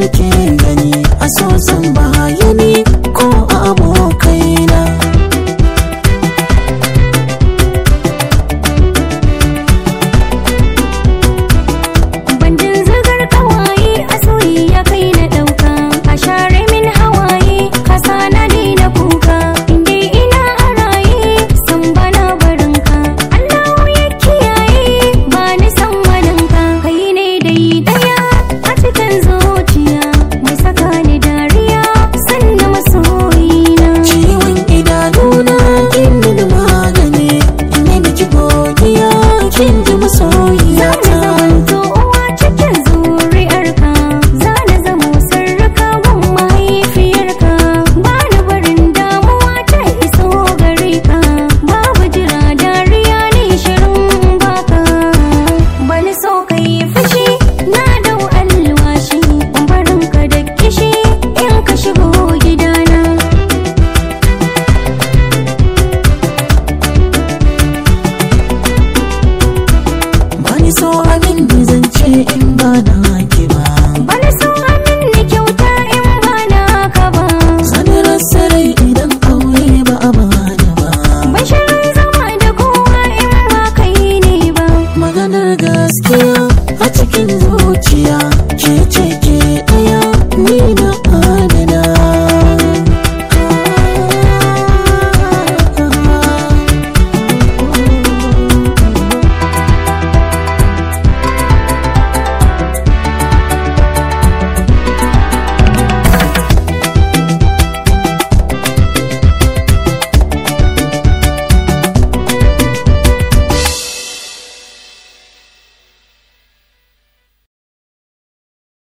want